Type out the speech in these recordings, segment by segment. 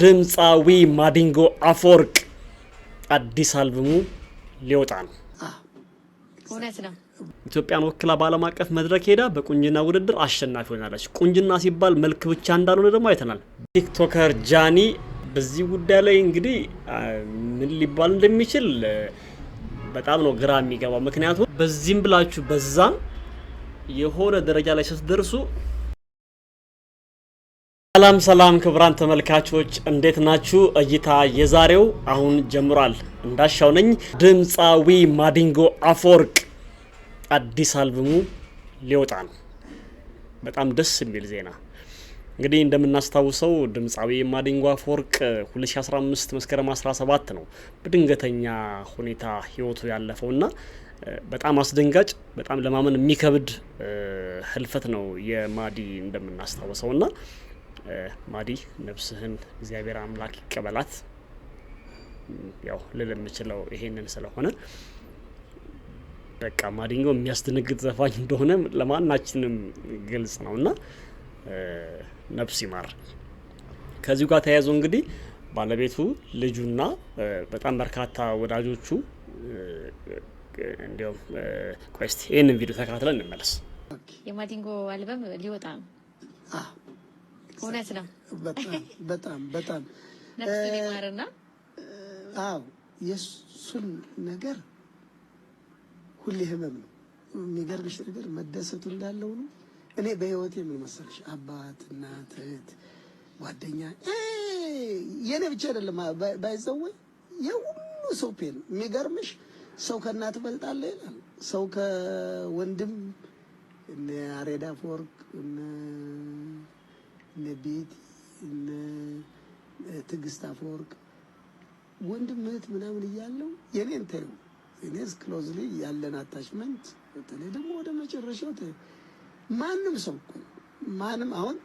ድምፃዊ ማዲንጎ አፈወርቅ አዲስ አልበሙ ሊወጣ ነው። ኢትዮጵያን ወክላ በዓለም አቀፍ መድረክ ሄዳ በቁንጅና ውድድር አሸናፊ ሆናለች። ቁንጅና ሲባል መልክ ብቻ እንዳልሆነ ደግሞ አይተናል። ቲክቶከር ጃኒ በዚህ ጉዳይ ላይ እንግዲህ ምን ሊባል እንደሚችል በጣም ነው ግራ የሚገባው። ምክንያቱም በዚህም ብላችሁ በዛም የሆነ ደረጃ ላይ ስትደርሱ ሰላም ሰላም ክቡራን ተመልካቾች እንዴት ናችሁ? እይታ የዛሬው አሁን ጀምሯል። እንዳሻው ነኝ። ድምፃዊ ማዲንጎ አፈወርቅ አዲስ አልበሙ ሊወጣ ነው። በጣም ደስ የሚል ዜና። እንግዲህ እንደምናስታውሰው ድምፃዊ ማዲንጎ አፈወርቅ 2015 መስከረም 17 ነው በድንገተኛ ሁኔታ ህይወቱ ያለፈው እና በጣም አስደንጋጭ በጣም ለማመን የሚከብድ ህልፈት ነው የማዲ እንደምናስታውሰው እና ማዲ ነፍስህን እግዚአብሔር አምላክ ይቀበላት። ያው ልል የምችለው ይሄንን ስለሆነ በቃ ማዲንጎ የሚያስደነግጥ ዘፋኝ እንደሆነ ለማናችንም ግልጽ ነው እና ነፍስ ይማር። ከዚሁ ጋር ተያይዞ እንግዲህ ባለቤቱ ልጁና በጣም በርካታ ወዳጆቹ እንዲሁም ቆይ ይህንን ቪዲዮ ተከታትለን እንመለስ። የማዲንጎ አልበም ሊወጣ ነው። እውነት ነው። በጣም በጣም ነፍሱን አዎ የእሱን ነገር ሁሌ ህመም ነው። የሚገርምሽ ነገር መደሰቱ እንዳለው ነው። እኔ በህይወቴ ምን መሰለሽ አባት፣ እናት፣ እህት፣ ጓደኛ የእኔ ብቻ አይደለም ባይዘወይ የሁሉ ሰው ፔን የሚገርምሽ ሰው ከእናት በልጣለ ይላል ሰው ከወንድም አሬዳ ፎርክ ቤቲ፣ ትዕግስት አፈወርቅ ወንድም እህት ምናምን እያለው የኔን ተይው እኔስ ክሎዝሊ ያለን አታችመንት በተለይ ደግሞ ወደ መጨረሻው ማንም ሰው እኮ ማንም አሁን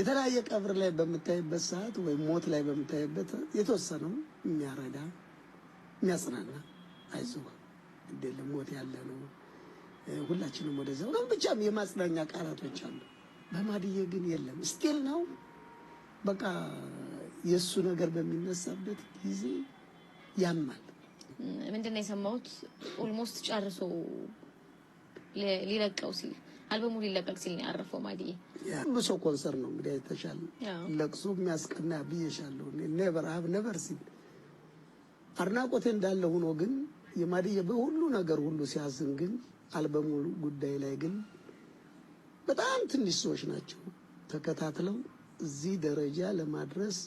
የተለያየ ቀብር ላይ በምታይበት ሰዓት ወይም ሞት ላይ በምታይበት የተወሰነው የሚያረዳ የሚያጽናና አይዞህ እንደ ሞት ያለ ነው ሁላችንም ወደዚያው ነው ብቻም የማጽናኛ ቃላቶች አሉ። በማድዬ ግን የለም። ስቲል ነው በቃ የእሱ ነገር በሚነሳበት ጊዜ ያማል። ምንድን ነው የሰማሁት? ኦልሞስት ጨርሶ ሊለቀው ሲል አልበሙ ሊለቀቅ ሲል ነው ያረፈው ማድዬ። ብሶ ኮንሰር ነው እንግዲህ አይተሻል። ለቅሶ የሚያስቀና ብዬሻለሁ። ኔቨር ሀብ ኔቨር ሲል አድናቆቴ እንዳለ ሆኖ ግን የማድዬ በሁሉ ነገር ሁሉ ሲያዝን ግን አልበሙ ጉዳይ ላይ ግን በጣም ትንሽ ሰዎች ናቸው ተከታትለው እዚህ ደረጃ ለማድረስ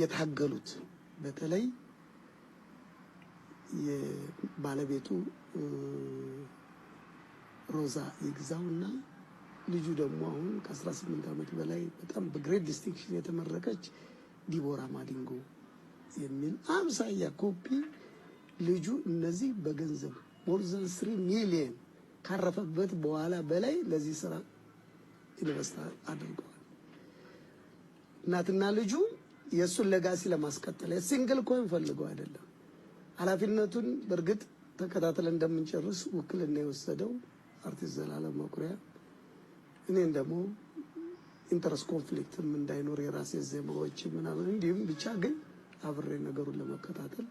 የታገሉት። በተለይ ባለቤቱ ሮዛ ይግዛው እና ልጁ ደግሞ አሁን ከ18 ዓመት በላይ በጣም በግሬት ዲስቲንክሽን የተመረቀች ዲቦራ ማዲንጎ የሚል አምሳያ ኮፒ ልጁ እነዚህ በገንዘብ ሞር ዘን ስሪ ሚሊየን ካረፈበት በኋላ በላይ ለዚህ ስራ ኢንቨስት አድርገዋል። እናትና ልጁ የእሱን ለጋሲ ለማስቀጠል ሲንግል ኮይን ፈልገው አይደለም። ኃላፊነቱን በእርግጥ ተከታተለን እንደምንጨርስ ውክልና የወሰደው አርቲስት ዘላለም መኩሪያ፣ እኔን ደግሞ ኢንተረስት ኮንፍሊክትም እንዳይኖር የራሴ ዜማዎች ምናምን እንዲሁም ብቻ ግን አብሬ ነገሩን ለመከታተል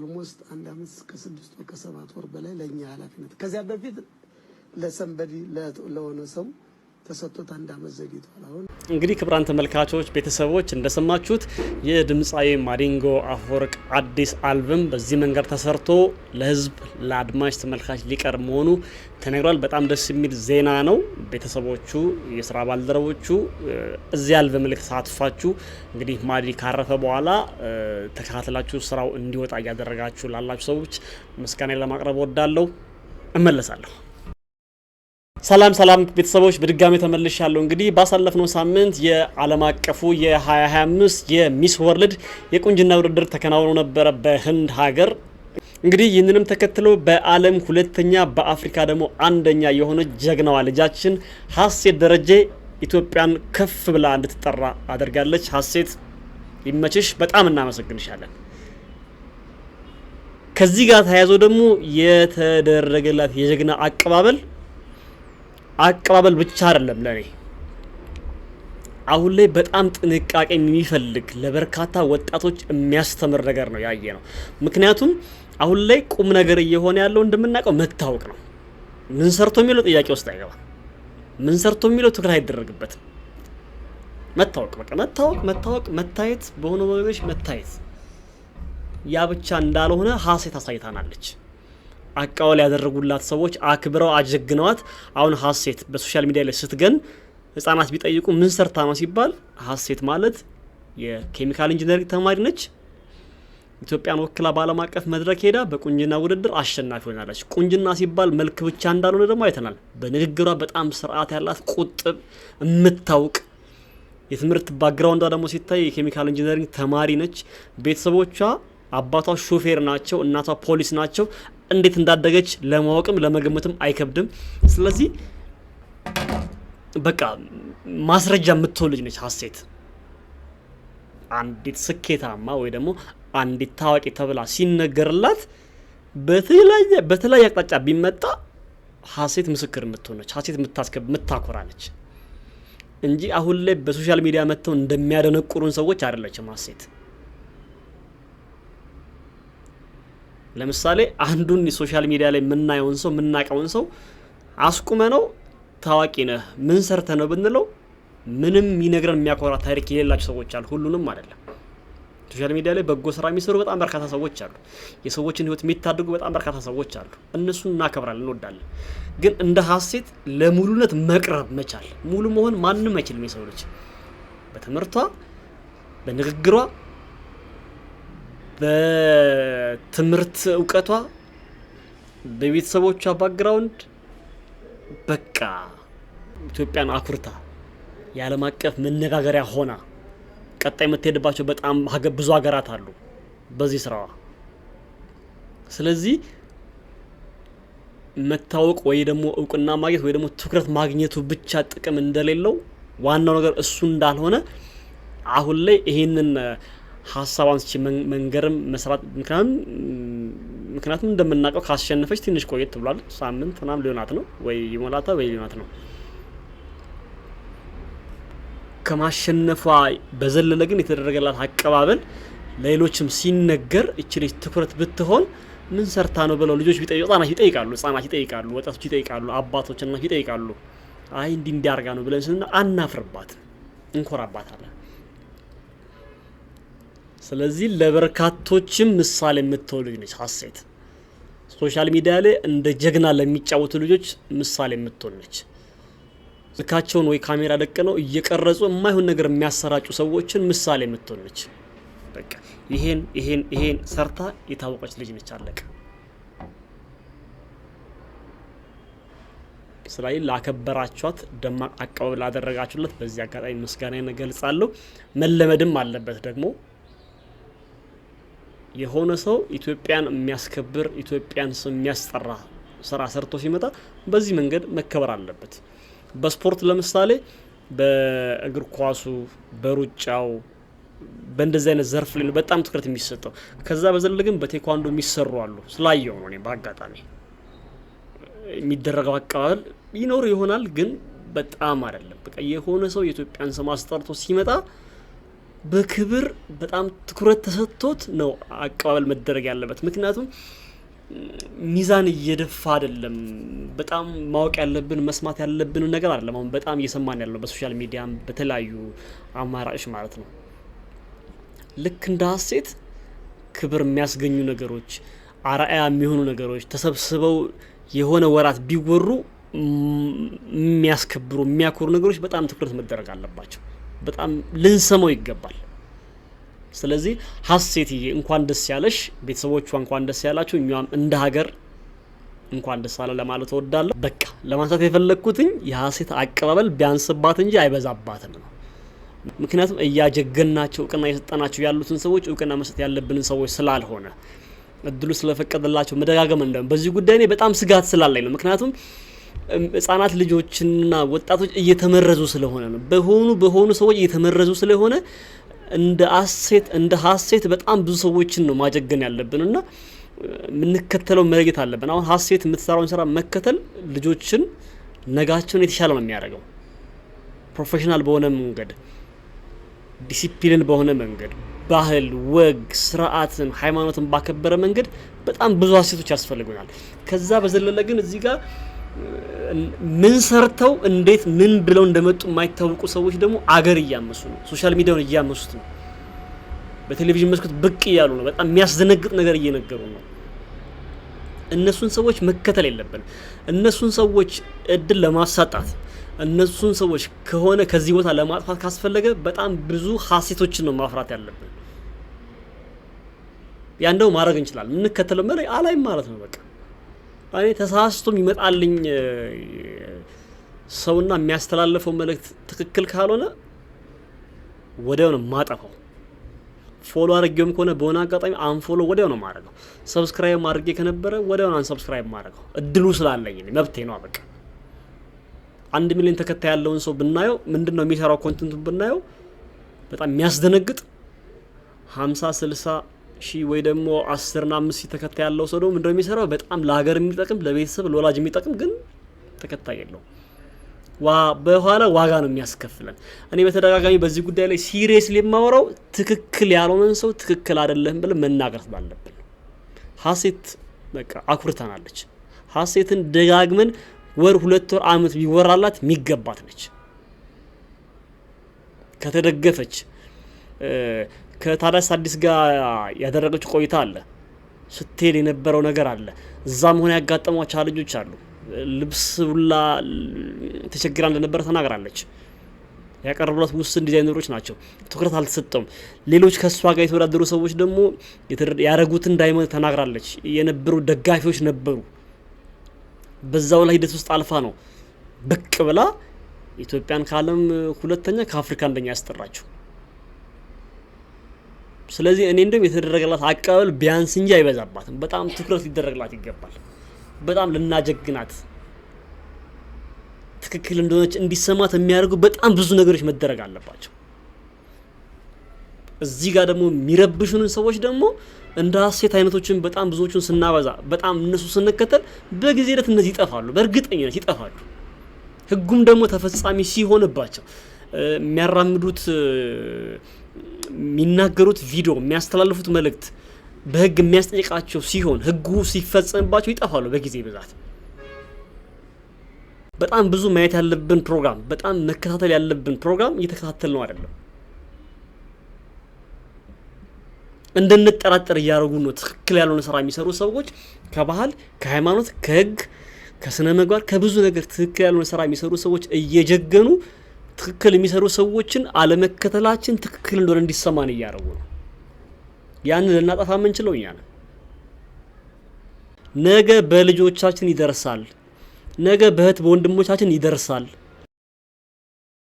ኦልሞስት አንድ አመት ከስድስት ወር ከሰባት ወር በላይ ለእኛ ኃላፊነት ከዚያ በፊት ለሰንበዲ ለሆነ ሰው ተሰጥቶት አንድ አመት ዘግይቷል። አሁን እንግዲህ ክብራን ተመልካቾች ቤተሰቦች እንደሰማችሁት የድምፃዊ ማዲንጎ አፈወርቅ አዲስ አልበም በዚህ መንገድ ተሰርቶ ለህዝብ ለአድማጭ ተመልካች ሊቀርብ መሆኑ ተነግሯል። በጣም ደስ የሚል ዜና ነው። ቤተሰቦቹ፣ የስራ ባልደረቦቹ እዚህ አልበም ላይ ተሳትፋችሁ እንግዲህ ማዲ ካረፈ በኋላ ተከታትላችሁ ስራው እንዲወጣ እያደረጋችሁ ላላችሁ ሰዎች ምስጋና ለማቅረብ ወዳለሁ። እመለሳለሁ። ሰላም ሰላም ቤተሰቦች በድጋሚ ተመልሻለሁ። እንግዲህ ባሳለፍነው ሳምንት የዓለም አቀፉ የ2025 የሚስ ወርልድ የቁንጅና ውድድር ተከናውኖ ነበረ በህንድ ሀገር። እንግዲህ ይህንንም ተከትሎ በዓለም ሁለተኛ በአፍሪካ ደግሞ አንደኛ የሆነች ጀግናዋ ልጃችን ሀሴት ደረጀ ኢትዮጵያን ከፍ ብላ እንድትጠራ አድርጋለች። ሀሴት ይመችሽ፣ በጣም እናመሰግንሻለን። ከዚህ ጋር ተያይዞ ደግሞ የተደረገላት የጀግና አቀባበል አቀባበል ብቻ አይደለም ለኔ አሁን ላይ በጣም ጥንቃቄ የሚፈልግ ለበርካታ ወጣቶች የሚያስተምር ነገር ነው ያየ ነው። ምክንያቱም አሁን ላይ ቁም ነገር እየሆነ ያለው እንደምናውቀው መታወቅ ነው። ምን ሰርቶ የሚለው ጥያቄ ውስጥ አይገባም። ምን ሰርቶ የሚለው ትኩረት አይደረግበትም። መታወቅ በቃ መታወቅ መታወቅ መታየት በሆነ ወገኖች መታየት ያ ብቻ እንዳልሆነ ሀሴት አሳይታናለች። አቃወል ያደረጉላት ሰዎች አክብረው አጀግነዋት። አሁን ሀሴት በሶሻል ሚዲያ ላይ ስትገን ህጻናት ቢጠይቁ ምን ሰርታ ነው ሲባል ሀሴት ማለት የኬሚካል ኢንጂነሪንግ ተማሪ ነች። ኢትዮጵያን ወክላ በዓለም አቀፍ መድረክ ሄዳ በቁንጅና ውድድር አሸናፊ ሆናለች። ቁንጅና ሲባል መልክ ብቻ እንዳልሆነ ደግሞ አይተናል። በንግግሯ በጣም ስርዓት ያላት ቁጥብ የምታውቅ የትምህርት ባግራውንዷ ደግሞ ሲታይ የኬሚካል ኢንጂነሪንግ ተማሪ ነች። ቤተሰቦቿ አባቷ ሾፌር ናቸው፣ እናቷ ፖሊስ ናቸው። እንዴት እንዳደገች ለማወቅም ለመገመትም አይከብድም። ስለዚህ በቃ ማስረጃ የምትሆን ልጅ ነች ሀሴት። አንዲት ስኬታማ ወይ ደግሞ አንዲት ታዋቂ ተብላ ሲነገርላት በተለያየ አቅጣጫ ቢመጣ ሀሴት ምስክር ነች ሀሴት የምታኮራነች እንጂ አሁን ላይ በሶሻል ሚዲያ መጥተው እንደሚያደነቁሩን ሰዎች አይደለችም ሀሴት። ለምሳሌ አንዱን ሶሻል ሚዲያ ላይ የምናየውን ሰው የምናቀውን ሰው አስቁመ ነው ታዋቂ ነህ ምን ሰርተ ነው ብንለው ምንም ይነግረን የሚያኮራ ታሪክ የሌላቸው ሰዎች አሉ። ሁሉንም አይደለም። ሶሻል ሚዲያ ላይ በጎ ስራ የሚሰሩ በጣም በርካታ ሰዎች አሉ። የሰዎችን ህይወት የሚታደጉ በጣም በርካታ ሰዎች አሉ። እነሱን እናከብራለን፣ እንወዳለን። ግን እንደ ሀሴት ለሙሉነት መቅረብ መቻል ሙሉ መሆን ማንም አይችልም። የሰው ልጅ በትምህርቷ በንግግሯ በትምህርት እውቀቷ፣ በቤተሰቦቿ ባክግራውንድ በቃ ኢትዮጵያን አኩርታ የዓለም አቀፍ መነጋገሪያ ሆና ቀጣይ የምትሄድባቸው በጣም ብዙ ሀገራት አሉ በዚህ ስራዋ። ስለዚህ መታወቅ ወይ ደግሞ እውቅና ማግኘት ወይ ደግሞ ትኩረት ማግኘቱ ብቻ ጥቅም እንደሌለው ዋናው ነገር እሱ እንዳልሆነ አሁን ላይ ይሄንን ሀሳቧን ስች መንገርም መስራት ምክንያቱም እንደምናውቀው ካስሸነፈች ትንሽ ቆየት ብሏል። ሳምንት ምናምን ሊሆናት ነው ወይ ይሞላታ ወይ ሊሆናት ነው። ከማሸነፏ በዘለለ ግን የተደረገላት አቀባበል ለሌሎችም ሲነገር እች ልጅ ትኩረት ብትሆን ምን ሰርታ ነው ብለው ልጆች ህጻናት ይጠይቃሉ፣ ህጻናት ይጠይቃሉ፣ ወጣቶች ይጠይቃሉ፣ አባቶች እናት ይጠይቃሉ። አይ እንዲህ እንዲያርጋ ነው ብለን ስንል አናፍርባት፣ እንኮራባታለን። ስለዚህ ለበርካቶችም ምሳሌ የምትሆን ልጅ ነች ሀሴት። ሶሻል ሚዲያ ላይ እንደ ጀግና ለሚጫወቱ ልጆች ምሳሌ የምትሆን ነች። ስልካቸውን ወይ ካሜራ ነው እየቀረጹ የማይሆን ነገር የሚያሰራጩ ሰዎችን ምሳሌ የምትሆን ነች። በቃ ይሄን ይሄን ይሄን ሰርታ የታወቀች ልጅ ነች። አለቀ። ስራይ ላከበራችኋት፣ ደማቅ አቀባበል ላደረጋችሁለት በዚህ አጋጣሚ ምስጋና እገልጻለሁ። መለመድም አለበት ደግሞ የሆነ ሰው ኢትዮጵያን የሚያስከብር ኢትዮጵያን ስም የሚያስጠራ ስራ ሰርቶ ሲመጣ በዚህ መንገድ መከበር አለበት። በስፖርት ለምሳሌ በእግር ኳሱ፣ በሩጫው በእንደዚህ አይነት ዘርፍ ላይ ነው በጣም ትኩረት የሚሰጠው። ከዛ በዘለ ግን በቴኳንዶ የሚሰሩ አሉ ስላየው ነው እኔ በአጋጣሚ የሚደረገው አቀባበል ይኖር ይሆናል፣ ግን በጣም አይደለም። በቃ የሆነ ሰው የኢትዮጵያን ስም አስጠርቶ ሲመጣ በክብር በጣም ትኩረት ተሰጥቶት ነው አቀባበል መደረግ ያለበት። ምክንያቱም ሚዛን እየደፋ አይደለም። በጣም ማወቅ ያለብን መስማት ያለብን ነገር አይደለም። አሁን በጣም እየሰማን ያለው በሶሻል ሚዲያም በተለያዩ አማራጮች ማለት ነው። ልክ እንደ ሀሴት ክብር የሚያስገኙ ነገሮች፣ አርአያ የሚሆኑ ነገሮች ተሰብስበው የሆነ ወራት ቢወሩ የሚያስከብሩ የሚያኮሩ ነገሮች በጣም ትኩረት መደረግ አለባቸው። በጣም ልንሰማው ይገባል። ስለዚህ ሀሴትዬ እንኳን ደስ ያለሽ፣ ቤተሰቦቿ እንኳን ደስ ያላችሁ፣ እኛም እንደ ሀገር እንኳን ደስ አለ ለማለት እወዳለሁ። በቃ ለማንሳት የፈለግኩትኝ የሀሴት አቀባበል ቢያንስባት እንጂ አይበዛባትም ነው። ምክንያቱም እያጀገናቸው እውቅና እየሰጠናቸው ያሉትን ሰዎች እውቅና መስጠት ያለብንን ሰዎች ስላልሆነ እድሉ ስለፈቀደላቸው መደጋገም እንደም በዚህ ጉዳይ እኔ በጣም ስጋት ስላለኝ ነው ምክንያቱም ህጻናት ልጆችና ወጣቶች እየተመረዙ ስለሆነ ነው። በሆኑ በሆኑ ሰዎች እየተመረዙ ስለሆነ እንደ አሴት እንደ ሀሴት በጣም ብዙ ሰዎችን ነው ማጀገን ያለብን እና የምንከተለው መለየት አለብን። አሁን ሀሴት የምትሰራውን ስራ መከተል ልጆችን ነጋቸውን የተሻለ ነው የሚያደርገው። ፕሮፌሽናል በሆነ መንገድ፣ ዲሲፕሊን በሆነ መንገድ፣ ባህል፣ ወግ፣ ስርዓትን፣ ሃይማኖትን ባከበረ መንገድ በጣም ብዙ ሀሴቶች ያስፈልጉናል። ከዛ በዘለለ ግን እዚህ ጋር ምን ሰርተው እንዴት ምን ብለው እንደመጡ የማይታወቁ ሰዎች ደግሞ አገር እያመሱ ነው። ሶሻል ሚዲያውን እያመሱት ነው። በቴሌቪዥን መስኮት ብቅ እያሉ ነው። በጣም የሚያስደነግጥ ነገር እየነገሩ ነው። እነሱን ሰዎች መከተል የለብንም። እነሱን ሰዎች እድል ለማሳጣት እነሱን ሰዎች ከሆነ ከዚህ ቦታ ለማጥፋት ካስፈለገ በጣም ብዙ ሀሴቶችን ነው ማፍራት ያለብን። ያንደው ማድረግ እንችላለን። የምንከተለው መሪ አላይም ማለት ነው በቃ እኔ ተሳስቶም ይመጣልኝ ሰውና የሚያስተላልፈው መልእክት ትክክል ካልሆነ ወዲያው ነው ማጠፋው። ፎሎ አድርጌውም ከሆነ በሆነ አጋጣሚ አንፎሎ ወዲያው ነው ማድረገው። ሰብስክራይብ ማድርጌ ከነበረ ወዲያውን አንሰብስክራይብ ማድረገው። እድሉ ስላለኝ መብቴ ነው። በቃ አንድ ሚሊዮን ተከታይ ያለውን ሰው ብናየው ምንድን ነው የሚሰራው? ኮንቴንቱን ብናየው በጣም የሚያስደነግጥ ሀምሳ ስልሳ ሺ ወይ ደግሞ አስርና አምስት ሺህ ተከታይ ያለው ሰው ደግሞ ምንድነው የሚሰራው? በጣም ለሀገር የሚጠቅም ለቤተሰብ ለወላጅ የሚጠቅም ግን ተከታይ ዋ በኋላ ዋጋ ነው የሚያስከፍለን። እኔ በተደጋጋሚ በዚህ ጉዳይ ላይ ሲሪየስሊ የማወራው ትክክል ያልሆነን ሰው ትክክል አይደለም ብለን መናገር ስላለብን ሀሴት በቃ አኩርተናለች። ሀሴትን ደጋግመን ወር ሁለት ወር አመት ቢወራላት የሚገባት ነች ከተደገፈች ከታዳስ አዲስ ጋር ያደረገች ቆይታ አለ፣ ስትሄድ የነበረው ነገር አለ፣ እዛም ሆነ ያጋጠሟ ቻለንጆች አሉ። ልብስ ሁላ ተቸግራ እንደነበረ ተናግራለች። ያቀረቡላት ውስን ዲዛይነሮች ናቸው። ትኩረት አልተሰጠውም። ሌሎች ከእሷ ጋር የተወዳደሩ ሰዎች ደግሞ ያደረጉትን ዳይመንድ ተናግራለች። የነበሩ ደጋፊዎች ነበሩ። በዛው ላይ ሂደት ውስጥ አልፋ ነው ብቅ ብላ ኢትዮጵያን ከዓለም ሁለተኛ ከአፍሪካ አንደኛ ያስጠራችው። ስለዚህ እኔ እንደም የተደረገላት አቀባበል ቢያንስ እንጂ አይበዛባትም። በጣም ትኩረት ሊደረግላት ይገባል። በጣም ልናጀግናት ትክክል እንደሆነች እንዲሰማት የሚያደርጉ በጣም ብዙ ነገሮች መደረግ አለባቸው። እዚህ ጋር ደግሞ የሚረብሹንን ሰዎች ደግሞ እንደ ሀሴት አይነቶችን በጣም ብዙዎቹን ስናበዛ፣ በጣም እነሱ ስንከተል በጊዜ ሂደት እነዚህ ይጠፋሉ፣ በእርግጠኝነት ይጠፋሉ። ህጉም ደግሞ ተፈጻሚ ሲሆንባቸው የሚያራምዱት የሚናገሩት ቪዲዮ የሚያስተላልፉት መልእክት በህግ የሚያስጠይቃቸው ሲሆን ህጉ ሲፈጸምባቸው ይጠፋሉ በጊዜ ብዛት። በጣም ብዙ ማየት ያለብን ፕሮግራም፣ በጣም መከታተል ያለብን ፕሮግራም እየተከታተል ነው አይደለም። እንድንጠራጠር እያደረጉ ነው። ትክክል ያልሆነ ስራ የሚሰሩ ሰዎች ከባህል፣ ከሃይማኖት፣ ከህግ፣ ከስነ ምግባር፣ ከብዙ ነገር ትክክል ያልሆነ ስራ የሚሰሩ ሰዎች እየጀገኑ ትክክል የሚሰሩ ሰዎችን አለመከተላችን ትክክል እንደሆነ እንዲሰማን እያደረጉ ነው። ያንን ልናጠፋ የምንችለው እኛ ነን። ነገ በልጆቻችን ይደርሳል። ነገ በእህት በወንድሞቻችን ይደርሳል።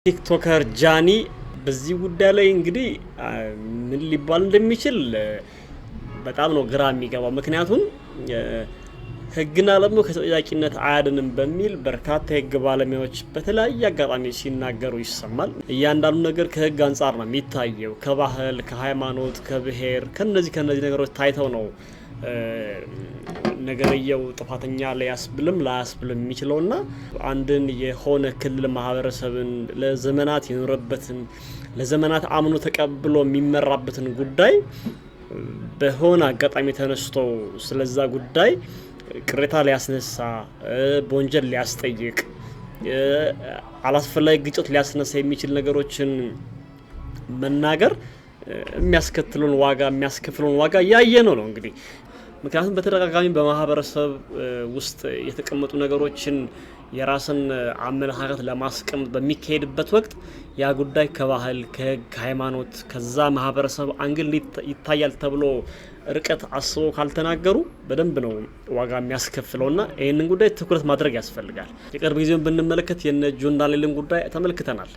ቲክቶከር ጃኒ በዚህ ጉዳይ ላይ እንግዲህ ምን ሊባል እንደሚችል በጣም ነው ግራ የሚገባው። ምክንያቱም ህግን አለሙ ከተጠያቂነት አያድንም በሚል በርካታ የህግ ባለሙያዎች በተለያየ አጋጣሚ ሲናገሩ ይሰማል። እያንዳንዱ ነገር ከህግ አንጻር ነው የሚታየው። ከባህል፣ ከሃይማኖት፣ ከብሔር ከነዚህ ከነዚህ ነገሮች ታይተው ነው ነገርየው ጥፋተኛ ሊያስብልም ላያስብልም የሚችለው ና አንድን የሆነ ክልል ማህበረሰብን ለዘመናት የኖረበትን ለዘመናት አምኖ ተቀብሎ የሚመራበትን ጉዳይ በሆነ አጋጣሚ ተነስቶ ስለዛ ጉዳይ ቅሬታ ሊያስነሳ በወንጀል ሊያስጠይቅ አላስፈላጊ ግጭት ሊያስነሳ የሚችል ነገሮችን መናገር የሚያስከትሉን ዋጋ የሚያስከፍሉን ዋጋ እያየ ነው ነው እንግዲህ ምክንያቱም በተደጋጋሚ በማህበረሰብ ውስጥ የተቀመጡ ነገሮችን የራስን አመለካከት ለማስቀመጥ በሚካሄድበት ወቅት ያ ጉዳይ ከባህል ከህግ፣ ከሃይማኖት ከዛ ማህበረሰብ አንግል ይታያል ተብሎ ርቀት አስበው ካልተናገሩ በደንብ ነው ዋጋ የሚያስከፍለውና ይህንን ጉዳይ ትኩረት ማድረግ ያስፈልጋል። የቅርብ ጊዜውን ብንመለከት የነ ጆን ዳንኤልን ጉዳይ ተመልክተናል።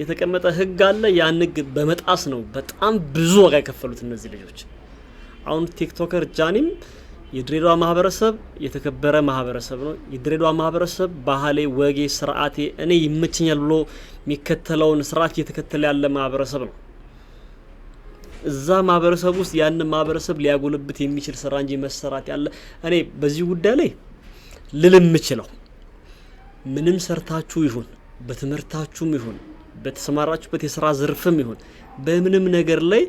የተቀመጠ ህግ አለ። ያን ህግ በመጣስ ነው በጣም ብዙ ዋጋ የከፈሉት እነዚህ ልጆች። አሁን ቲክቶከር ጃኒም የድሬዳዋ ማህበረሰብ የተከበረ ማህበረሰብ ነው። የድሬዳዋ ማህበረሰብ ባህሌ፣ ወጌ፣ ስርዓቴ እኔ ይመቸኛል ብሎ የሚከተለውን ስርዓት እየተከተለ ያለ ማህበረሰብ ነው። እዛ ማህበረሰብ ውስጥ ያንን ማህበረሰብ ሊያጎልብት የሚችል ስራ እንጂ መሰራት ያለ እኔ በዚህ ጉዳይ ላይ ልል የምችለው ምንም ሰርታችሁ ይሁን በትምህርታችሁም ይሁን በተሰማራችሁበት የስራ ዘርፍም ይሁን በምንም ነገር ላይ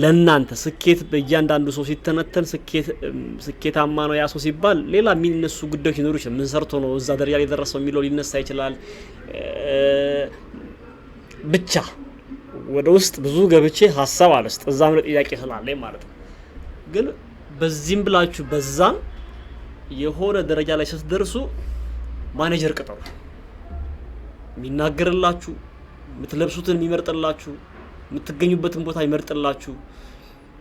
ለእናንተ ስኬት በእያንዳንዱ ሰው ሲተነተን ስኬታማ ነው ያ ሰው ሲባል ሌላ የሚነሱ ጉዳዮች ሊኖሩ ይችላል። ምን ሰርቶ ነው እዛ ደረጃ ላይ ደረሰው የሚለው ሊነሳ ይችላል። ብቻ ወደ ውስጥ ብዙ ገብቼ ሀሳብ አለስጥ እዛም ላይ ጥያቄ ስላለ ማለት ነው። ግን በዚህም ብላችሁ በዛም የሆነ ደረጃ ላይ ስትደርሱ ማኔጀር ቅጠሩ፣ የሚናገርላችሁ፣ የምትለብሱትን የሚመርጥላችሁ የምትገኙበትን ቦታ ይመርጥላችሁ፣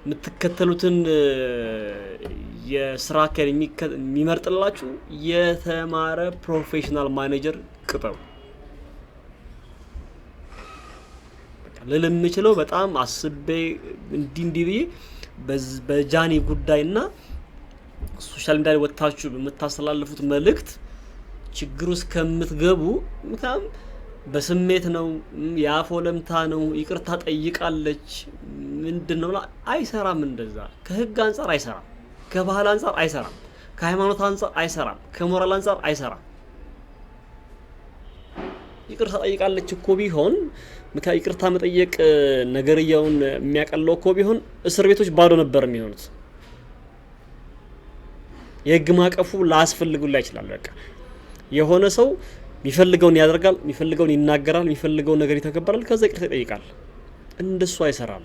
የምትከተሉትን የስራ ከር የሚመርጥላችሁ የተማረ ፕሮፌሽናል ማኔጀር ቅጠሩ። ልል የምችለው በጣም አስቤ እንዲ እንዲ ብዬ በጃኒ ጉዳይ ጉዳይና ሶሻል ሚዲያ ወጥታችሁ በምታስተላልፉት መልእክት ችግር ውስጥ ከምትገቡ በስሜት ነው፣ የአፎ ለምታ ነው፣ ይቅርታ ጠይቃለች ምንድን ነው አይሰራም። እንደዛ ከህግ አንጻር አይሰራም፣ ከባህል አንጻር አይሰራም፣ ከሃይማኖት አንጻር አይሰራም፣ ከሞራል አንጻር አይሰራም። ይቅርታ ጠይቃለች እኮ ቢሆን ይቅርታ መጠየቅ ነገርያውን የሚያቀለው እኮ ቢሆን እስር ቤቶች ባዶ ነበር የሚሆኑት። የህግ ማዕቀፉ ላስፈልጉላ ይችላል። በቃ የሆነ ሰው የሚፈልገውን ያደርጋል፣ የሚፈልገውን ይናገራል፣ የሚፈልገውን ነገር ይተገበራል። ከዛ ይቅርታ ይጠይቃል። እንደሱ አይሰራም።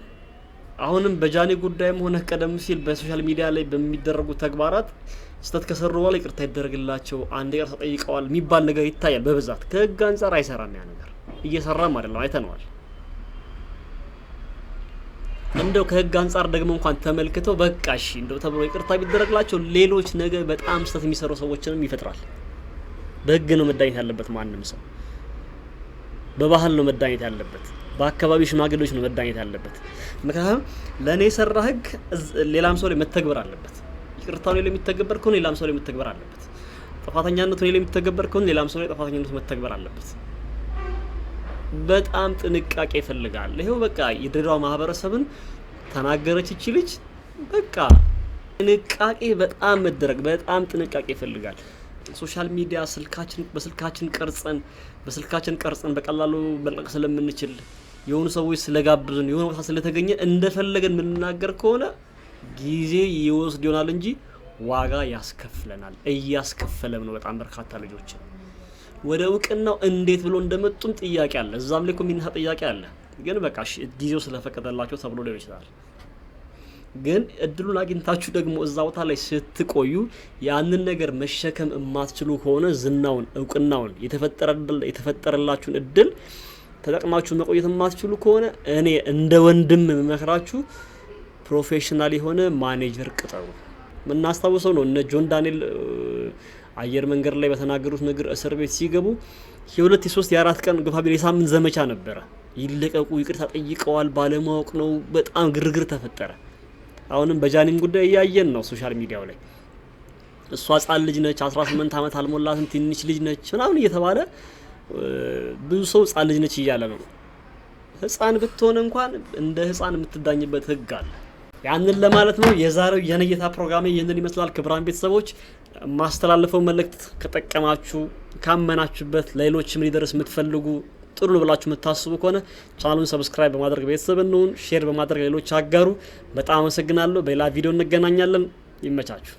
አሁንም በጃኒ ጉዳይም ሆነ ቀደም ሲል በሶሻል ሚዲያ ላይ በሚደረጉ ተግባራት ስህተት ከሰሩ በኋላ ይቅርታ ይደረግላቸው፣ አንድ ይቅርታ ጠይቀዋል የሚባል ነገር ይታያል በብዛት ከህግ አንጻር አይሰራም። ያ ነገር እየሰራም አይደለም፣ አይተነዋል። እንደው ከህግ አንጻር ደግሞ እንኳን ተመልክተው በቃ እሺ እንደው ተብሎ ይቅርታ ቢደረግላቸው ሌሎች ነገር በጣም ስህተት የሚሰሩ ሰዎችንም ይፈጥራል። በህግ ነው መዳኘት ያለበት። ማንም ሰው በባህል ነው መዳኘት ያለበት። በአካባቢ ሽማግሌዎች ነው መዳኘት ያለበት። ምክንያቱም ለእኔ የሰራ ህግ ሌላም ሰው ላይ መተግበር አለበት። ይቅርታ ላይ የሚተገበር ከሆነ ሌላም ሰው ላይ መተግበር አለበት። ጥፋተኛነት ላይ የሚተገበር ከሆነ ሌላም ሰው ላይ ጥፋተኛነት መተግበር አለበት። በጣም ጥንቃቄ ይፈልጋል። ይሄው በቃ የድሬዳዋ ማህበረሰብን ተናገረች እቺ ልጅ። በቃ ጥንቃቄ በጣም መደረግ በጣም ጥንቃቄ ይፈልጋል። ሶሻል ሚዲያ ስልካችን በስልካችን ቀርጸን በስልካችን ቀርጸን በቀላሉ መልቀቅ ስለምንችል የሆኑ ሰዎች ስለጋብዙን የሆነ ቦታ ስለተገኘ እንደፈለገን የምንናገር ከሆነ ጊዜ ይወስድ ይሆናል እንጂ ዋጋ ያስከፍለናል። እያስከፈለም ነው በጣም በርካታ ልጆችን። ወደ እውቅናው እንዴት ብሎ እንደመጡም ጥያቄ አለ። እዛም ላይ እኮ የሚነሳ ጥያቄ አለ። ግን በቃ ጊዜው ስለፈቀደላቸው ተብሎ ሊሆን ይችላል። ግን እድሉን አግኝታችሁ ደግሞ እዛ ቦታ ላይ ስትቆዩ ያንን ነገር መሸከም የማትችሉ ከሆነ ዝናውን፣ እውቅናውን፣ የተፈጠረላችሁን እድል ተጠቅማችሁ መቆየት የማትችሉ ከሆነ እኔ እንደ ወንድም መክራችሁ ፕሮፌሽናል የሆነ ማኔጀር ቅጠሩ። የምናስታውሰው ነው እነ ጆን ዳንኤል አየር መንገድ ላይ በተናገሩት ነገር እስር ቤት ሲገቡ የሁለት የሶስት የአራት ቀን ግፋቢል የሳምንት ዘመቻ ነበረ። ይለቀቁ ይቅርታ ጠይቀዋል፣ ባለማወቅ ነው። በጣም ግርግር ተፈጠረ። አሁንም በጃኒም ጉዳይ እያየን ነው ሶሻል ሚዲያው ላይ እሷ ህጻን ልጅ ነች፣ 18 ዓመት አልሞላትም፣ ትንሽ ልጅ ነች ምናምን እየተባለ ብዙ ሰው ህጻን ልጅ ነች እያለ ነው። ህጻን ብትሆን እንኳን እንደ ህጻን የምትዳኝበት ህግ አለ። ያንን ለማለት ነው የዛሬው የነየታ ፕሮግራሜ ይህንን ይመስላል። ክብራን ቤተሰቦች ማስተላለፈው መልእክት ከጠቀማችሁ ካመናችሁበት፣ ለሌሎችም ሊደርስ የምትፈልጉ ጥሩ ነው ብላችሁ የምታስቡ ከሆነ ቻናሉን ሰብስክራይብ በማድረግ ቤተሰብ እንሁን፣ ሼር በማድረግ ሌሎች አጋሩ። በጣም አመሰግናለሁ። በሌላ ቪዲዮ እንገናኛለን። ይመቻችሁ።